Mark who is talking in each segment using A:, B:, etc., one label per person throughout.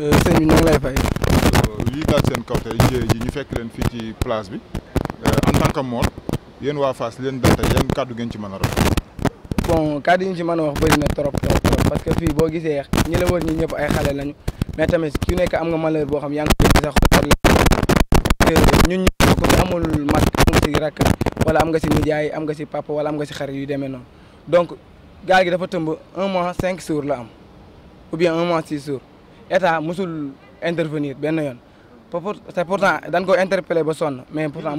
A: Euh, sëñ bi ñu ngi lay fay. lii daal seen kaw tey ji ñu fekk leen fii ci place bi euh, en tant que Mor yéen waa Fass leen dal tey yan kàddu ngeen ci man a rafet.
B: bon kàddu yi ñu ci mën a wax bëri na trop trop trop parce que fii boo gisee ñi la wër ñi ñëpp ay xale lañu mais tamit ku nekk am nga malheur boo xam yaa ngi koy sax xol euh, ñun ñu ku ci am nga si rakk wala am nga si nijaay am nga si papa wala am nga si xarit yu demee noonu donc gaal gi dafa tëmb un mois cinq jours la am ou bien un mois six il musul intervenir C'est c'est pourtant Il interpellé les personnes, mais pourtant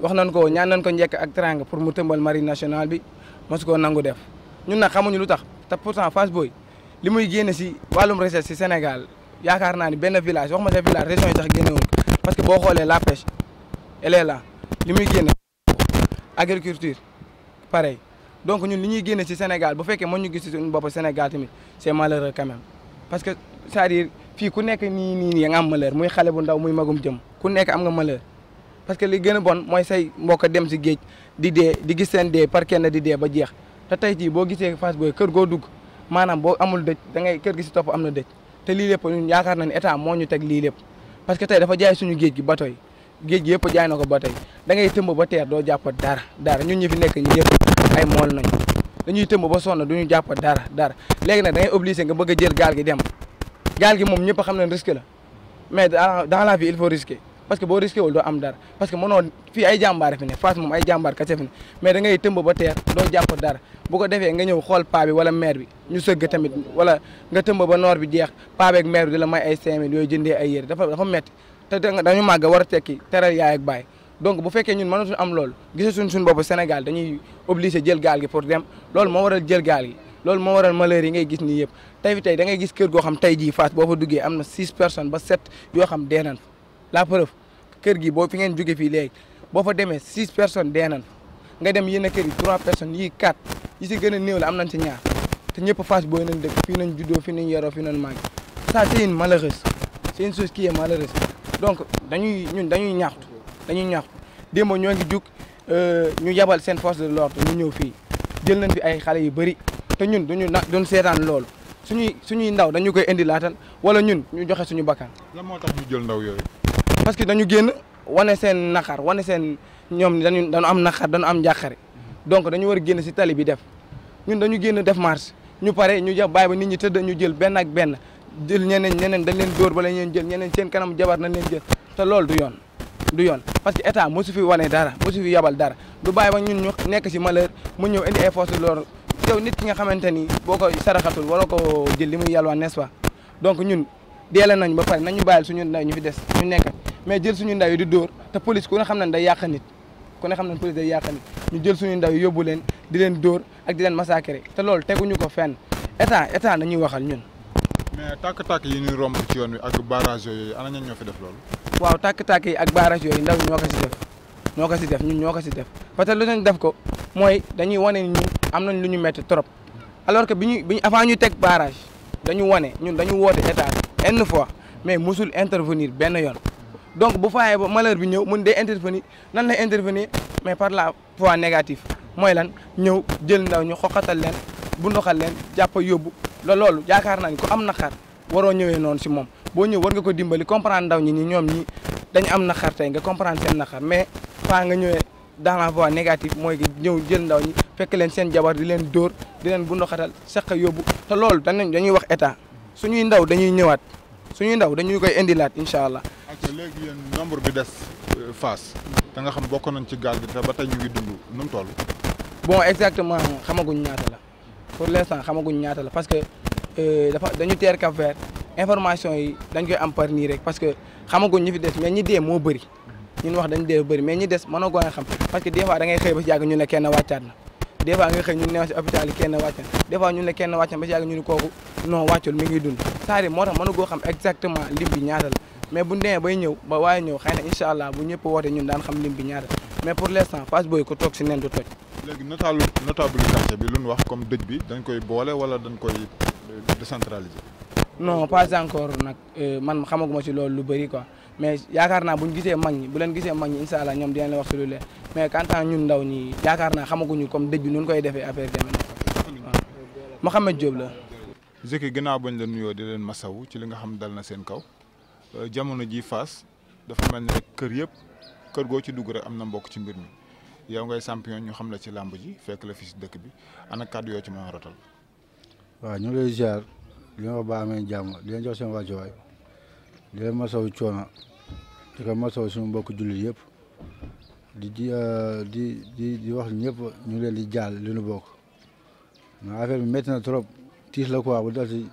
B: wax ko ñaan ko ak pour le marine nationale bi pas nangu def ñun pas ne pourtant face Boy qu'il si recherche Sénégal ni village wax ma village région parce que si la pêche elle est là Ce agriculture pareil donc ñun li si Sénégal bu Sénégal c'est malheureux quand même parce que saa à fii ku nekk nii nii nii nga am malheur muy xale bu ndaw muy magum jëm ku nekk am nga malheur parce que li gën a bon mooy say mbokk dem si géej di dee di gis dee par kenn di dee ba jeex te tey jii boo gisee Fass booy kër goo dugg maanaam boo amul dëj da ngay kër gi si topp am na dëj te lii lépp ñun yaakaar na ne état moo ñu teg lii lépp parce que tey dafa jaay suñu géej gi bato yi géej gi yëpp jaay na ko bato da ngay tëmb ba teer doo jàpp dara dara ñun ñi fi nekk ñëpp ay nañ dañuy tëmb ba sonn du ñu jàpp dara dara léegi na da ngay obligé nga bëgg a jël gaal gi dem gaal gi moom ñëpp xam ne risque la mais dans la vie il faut risquer parce que boo risqué wul doo am dara parce que mënoo fii ay jàmbaar fi ne Fass ay jàmbaar kese fi ne mais da ngay tëmb ba teer doo jàpp dara bu ko defee nga ñëw xool paa bi wala maire bi ñu sëgg tamit wala nga tëmb ba noor bi jeex paabeek bi ak bi di la may ay cinq mille yooyu ay yére dafa dafa métti te dañu màgg war a tekki teral yaay ak baay donc bu fekkee ñun mënatuñ am loolu gisatuñ suñ bopp Sénégal dañuy obligé jël gaal gi pour dem loolu moo waral jël gaal gi loolu moo waral malheur yi ngay gis ni yëpp tey fi tey da ngay gis kër goo xam tey jii Fass boo fa duggee am na six personnes ba sept yoo xam dee nañ kër gi boo fi ngeen jóge fii léegi boo fa demee six personnes dee nañ fa nga dem yéen a kër yi trois personnes yii quatre yi si gën a néew la am nañ si ñaar te ñëpp Fass boo nañ dëkk fii nañ juddoo fii nañ yaroo fii nañ màgg ça c'est une malheureuse c'est une chose qui est malheureuse dañuy ñun dañuy ñaxtu dañu ñax demo ñoo ngi juk euh ñu yabal seen force de l'ordre ñu ñew fi jël nañ fi ay xalé yu bari te ñun duñu doon sétane lool loolu suñuy suñuy ndaw dañu koy indi latal wala ñun ñu joxe suñu bakkan.
A: la mo tax ñu jël ndaw yoy
B: parce que dañu genn wane seen nakar wane seen ñom dañu dañu am nakar dañu am njàqare donc dañu war genn ci tali bi def ñun dañu genn def marche ñu paré ñu jox bay ba nit ñi tëdd ñu jël ben ak ben jël ñeneen ñeneen dañ leen dóor bala leen jël ñeneen seen kanam jabar nañ leen jël te lool du yoon. du yoon parce que état mosu fi wanee dara mosu fi yabal dara du bàyyi ba ñun ñu nekk si malheur mu ñëw indi ay force de nit ki nga xamante ni boo ko saraxatul waroo ko jël li muy yalwaan n'est-ce pas donc ñun deele nañ ba pare nañu bàyyil suñu ndaw ñu fi des ñu nekk mais jël suñu ndaw di dóor te police ku ne xam ne day yàq nit ku ne xam ne police day yàq ñu jël suñu ndaw yóbbu leen di leen dóor ak di leen massacrer te loolu teguñu ko fen état état nañuy waxal ñun
A: mais tàkk-tàkk yi ñuy romb ci yoon wi ak barrage yooyu ana ñan ñoo fi def loolu
B: waaw tàkk-tàkk yi ak barrage yooyu ndaw ñoo ko ñoo ko si def ñun ñoo ko si def parce que lu def ko mooy dañuy wane ñun am nañ lu ñu métti trop alors que bi ñu bi ñu avant ñu teg barrage dañu wane ñun dañu woote état une fois mais mosul intervenir benn yoon donc bu faayee ba malheur bi ñëw mun day intervenir nan la intervenir mais par la voie négative mooy lan ñëw jël ndaw ñu xoqatal leen bu ndoxal leen jàpp yóbbu la loolu yaakaar naa ko am na naqar waroo ñëwee noonu si moom Si vous war nga vous dimbali comprendre ndaw ñi ñi vous am nga comprendre vous mais pas nga dans la vous négative nga ñëw vous ñi fekk leen vous jabar di leen di leen vous vous dañuy vous état suñuy ndaw dañuy ñëwaat suñuy ndaw dañuy koy vous
A: nombre bi des euh, nga xam vous ci bi vous ba vous ñu
B: bon exactement pour l'instant Vous la parce que euh, dafa dañu Vous Cap Vert information yi dañ koy am par nii rek parce que xamaguñ ñi fi des mais ñi dee moo bëri ñun wax dañ dee bëri mais ñi des mënoo gën a xam parce que des fois da ngay xëy ba si yàgg ñu ne kenn wàccaat na des fois nga xëy ñu neew si kenn wàcc na des fois ñu ne kenn wàcc na ba si yàgg ñu ne kooku non wàccul mi ngi dund c'est-à-dire moo tax mënu xam exactement lim bi ñaata la mais bu demee bay ñëw waaye ñëw xëy na incha allah bu ñëpp woote ñun daan xam lim bi ñaata mais pour l'instant Fass Boy ko toog si nen du toj
A: léegi notable wax comme dëj bi koy boole wala dañ koy
B: non pas encore nag euh, man xamaguma ci loolu lu bëri quoi mais yaakaar naa bu ñu gisee mag ñi bu leen gisee mag ñi incha allah ñoom dinañ la wax ci lu leer mais quant à ñun ndaw ñi yaakaar naa xamaguñu comme dëj bi nu koy defee affaire demee waaw Mouhamed Diop la.
A: Zeki ginnaaw bañ la nuyoo di leen masawu ci li nga xam dal na seen kaw euh, jamono ji Fass dafa mel ne kër yëpp kër goo ci dugg rek am na mbokk ci mbir mi yow ngay champion ñu xam la ci làmb ji fekk la fi si dëkk bi ana kàddu yoo ci mën
C: li ma ba amee jàmm di jox seen wàccuwaay di leen masawu coono di ko masawu suñu mbokk jullit yëpp di di euh, wax ñëpp ñu leen di jaal li ñu bokk mais affaire bi métti na trop tiis la quoi bu dal si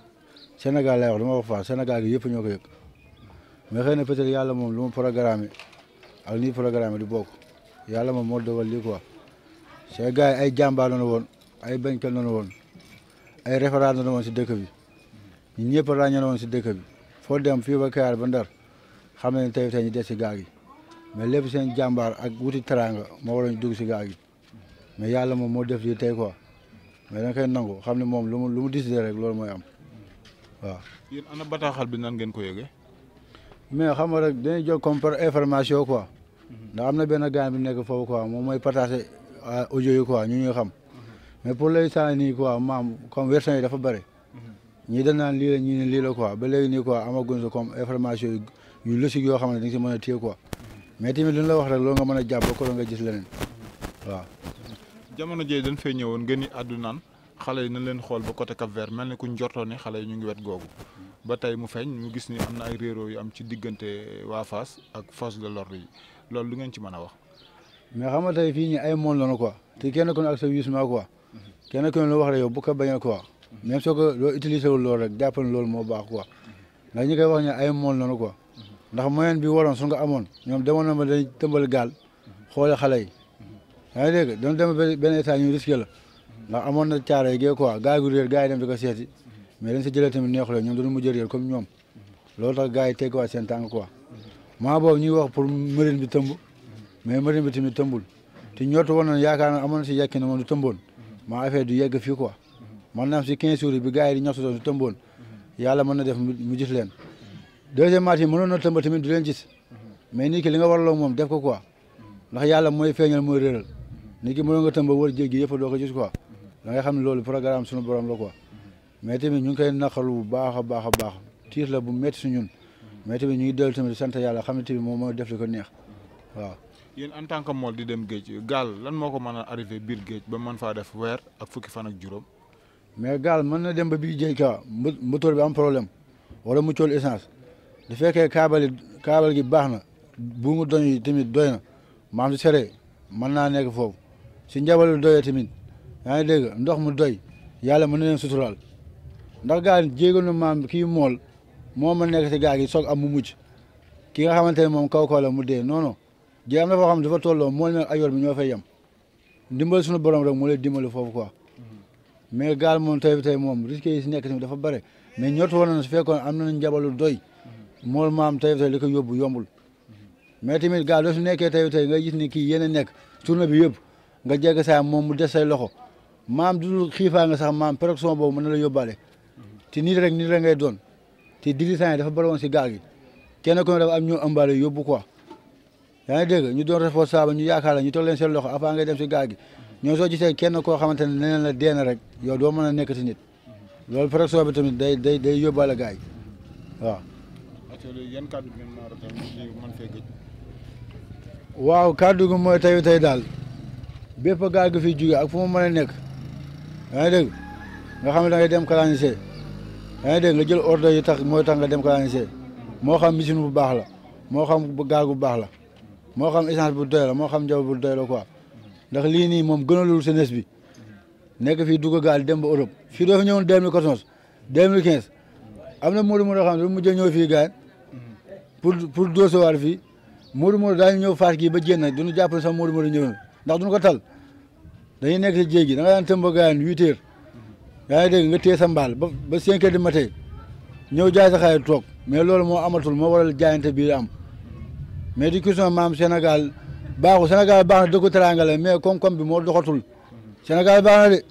C: Sénégal lay wax dama wax faa Sénégal gi yëpp ñoo ko yëg mais xëy na peut-être yàlla moom lu mu programme ak ni programme di bok yàlla moom moo dogal lii quoi ces gars yi ay jàmbaar lañu woon ay bañkat lañu woon ay référent lañu woon si dëkk bi ñun ñëpp ràññale woon si dëkk bi foo dem fii ba Kayaar ba Ndar xam ne tey tey ñu des si gaal gi mais lépp seen jàmbaar ak wuti teraanga moo waroon dugg si gaal gi mais yàlla moom moo def lii tey quoi mais da nga koy nangu xam ne moom lu mu lu mu décidé rek loolu mooy am waaw. yéen ana
A: bataaxal bi nan ngeen ko yëgee.
C: mais xam nga rek dañuy jóg comme par information quoi ndax am na benn gaan bi nekk foofu quoi moom mooy partagé euh, audio yi quoi ñu ñuy xam mais pour l'instant nii quoi maam comme version yi dafa bëri. ñii dañ naan lii la ñu ne lii la quoi ba léegi nii quoi amaguñ si comme information yu yu logique yoo xam ne da nga mën a téye quoi mais tamit lu wax rek loolu nga mën a jàpp ba ko nga gis leneen waaw.
A: jamono jii dañ fay ñëwoon ngeen ni àddunaan xale yi nañ leen xool côté Cap Vert mel ni ku ñu ne xale yi ñu ngi wet googu ba tey mu feeñ mu gis ni am na ay réeróo yu am ci diggante waa Fass ak force de l'ordre yi loolu
C: lu ngeen ci mën a wax. mais xam nga tey fii ñi ay moon lañu quoi te kenn ku ne ak sa wisement quoi kenn ku lu wax rek yow bu ko bañal quoi. même soo ko loo utilisé wul loolu rek jàpp na loolu moo baax quoi ndax ñi koy wax ne ay mool noonu quoi ndax moyen bi waroon su nga amoon ñoom demoon na ma dañ tëmbal gaal xoole xale yi yaa ngi dégg doon dem benn état la ndax amoon na caare gee quoi gaal gu réer gars yi dem di ko seeti mais dañ si jëlee tamit neexulee ñoom dañu mujj réer comme ñoom loolu tax gars yi teggiwaat seen tànk quoi maa boobu ñuy wax pour marine bi tëmb mais marine bi tamit tëmbul te ñootu woon nañ yaakaar na amoon na si yekki ne moom du tëmboon maa affaire du yegg fii quoi maanaam si 15 jours yi bi gars yi di ñaxtu doon su tëmboon yàlla mën na def mu gis leen deuxième match yi mënoon na tëmb tamit du leen gis mais nit li nga war waraloo moom def ko quoi ndax yàlla mooy feeñal mooy réeral nit ki mënoon nga tëmb wër géej gi yëpp doo ko gis quoi da nga xam ne loolu programme suñu borom la quoi mais tamit ñu ngi koy naqalu bu baax baax a baax tiir la bu métti su ñun mais tamit ñu ngi dellu tamit sant yàlla xam ni tamit moom mooy def li ko neex waaw
A: yéen en tant que mool di dem géej gaal lan moo ko mën a arrivé biir géej ba mën faa def weer ak fukki fan ak juróom
C: mais gaal mën na dem ba biir géej ka moteur bi am problème wala mu cool essence du fekkee kaabali kaabal gi baax na buumu doñ yi tamit doy na maam si sere mën naa nekk foofu si njabalu doyee tamit yaa ngi dégg ndox mu doy yàlla mën na leen suturaal ndax gaal jéeganu maam kii mool moo ma nekk si gaa gi soog am mu mucc ki nga xamante ne moom kaw kaw la mu dee non non jéeg am na foo xam ne dafa tolloo mool mel ayoor bi ñoo fay yem ndimbal suñu borom rek moo lay dimbali foofu quoi mais gaal moom tey tey moom risque yi si nekk tamit dafa bare mais ñort woon na su fekkoon am nañu njabalu doy mool maam tey tey li ko yóbbu yombul mais tamit gaal doo su nekkee tey tey nga gis ni kii yéen a nekk tournée bi yëpp nga jegg saa moom mu des say loxo maam du xiifaa nga sax maam protection boobu mën na la yóbbaale te nii rek nii rek ngay doon te dilisants yi dafa bare woon si gaal gi kenn ku ne dafa am ñoo ëmbaale yóbbu quoi yaa ngi dégg ñu doon responsable ñu yaakaar la ñu toog leen seen loxo avant ngay dem si gaal gi ñoo soo gisee kenn koo xamante ne na la deen rek yow doo mën a nekkati nit loolu pression bi tamit day day day yóbbaale gars yi waaw. waaw kàddu gi mooy tey tey daal bépp gaal gi fi jóge ak fu mu mën a nekk yaa ngi nga xam ne da dem calanisé yaa ngi dégg nga jël ordre yi tax mooy tax nga dem calanisé moo xam machine bu baax la moo xam gaal bu baax la moo xam essence bu doy moo xam jaw bu doy ko ndax lii nii moom gënalul jeunesse bi nekk fii dugg gaal dem ba Europe fii doo fi ñëwoon 2014 2015 am na Modou Modou xam ne mu mujjee ñëw fii gaan pour pour doosewaar fi Modou Modou daañu ñëw faat kii ba jénn du ñu jàpp ne sax Modou Modou ñëw na ndax duñu ko tal dañuy nekk si jéeg gi da nga daan tëmba gaan huit heures yaa ngi dégg nga téye sa mbaal ba ba cinq heures du ñëw jaay sa xaay toog mais loolu moo amatul moo waral jaayante bi am mais di question maam Sénégal baaxul Sénégal baax na dëkku teranga la mais koom-koom bi moo doxatul Sénégal baax na de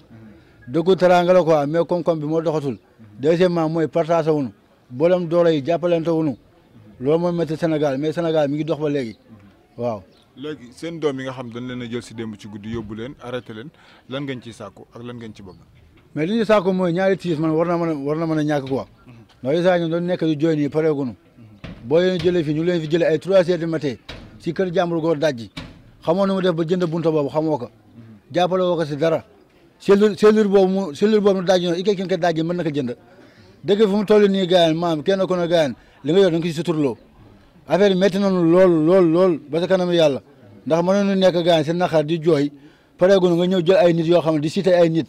C: dëkku teranga la mais koom bi moo doxatul deuxièmement mooy partage wuñu boolem doole yi jàppalante wuñu loolu mooy métti senegal mais Sénégal mi ngi dox ba léegi waaw.
A: léegi seen doom yi nga xam dañ leen a jël si bu ci guddi yóbbu leen arrêté leen lan ngeen ciy sàkku ak lan ngeen ci bëgg.
C: mais li ñu sàkku mooy ñaari tiis man war na man a war na mën a ñàkk quoi ndax li saa ñu doon nekk di jooy nii pareeguñu boo leen jëlee fii ñu leen jëlee ay trois heures du matin kër jàmbur góor dajji xamoo nu mu def ba jënd bunta boobu xamoo ko jàppale woo ko si dara cellule cellule boobu mu cellule boobu mu daaj noonu i kay ken ko daaj mën na ko jënd dëkk bi fu mu toll nii gaayan maam kenn ko ne gaayan li nga yor da nga ko si suturloo affaire yi métti nañu lool lool lool ba sa kanam yàlla ndax mënoonu nekk gaayan si naqar di jooy pareegunu nga ñëw jël ay nit yoo xam di cité ay nit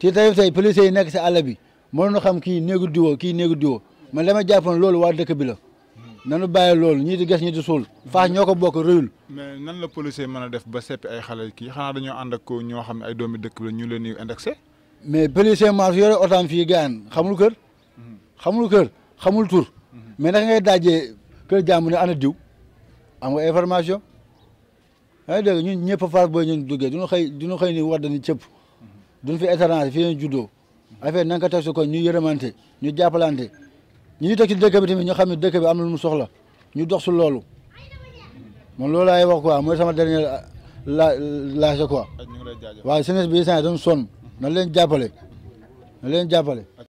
C: ci tey tey police yi nekk si àll bi mënoonu xam kii néegu diwoo kii néegu diwoo man dama jàppoon nanu bàyyi loolu ñii di ges ñii di suul faax ñoo ko bokk rëyul
A: mais nan la policier man a def ba seppi ay xale kii xanaa dañoo ànd ak ñoo xam ne ay doomi dëkk la ñu leen di indexé
C: mais policier maa su yore otaam fii gaan xamul kër mhm. xamul kër xamul tur mhm. mais naka ngay daajee kër jàmm ne ana diw am nga information yaa ngi dégg ñun ñëpp faar booy ñun duggee duñu xëy duñu xëy ni wadd ni fi mhm. duñu fi étranger fii leen juddoo affaire nan ko teg su ñu yërëmante ñu jàppalante ñi ñu teg ci dëkk bi tamit ñu xam ne dëkk bi am na lu mu soxla ñu dox su loolu man loolu laay wax quoi mooy sama dernier la laaj quoi waaye jeunesse bi instant doon son na leen jàppale na leen jàppale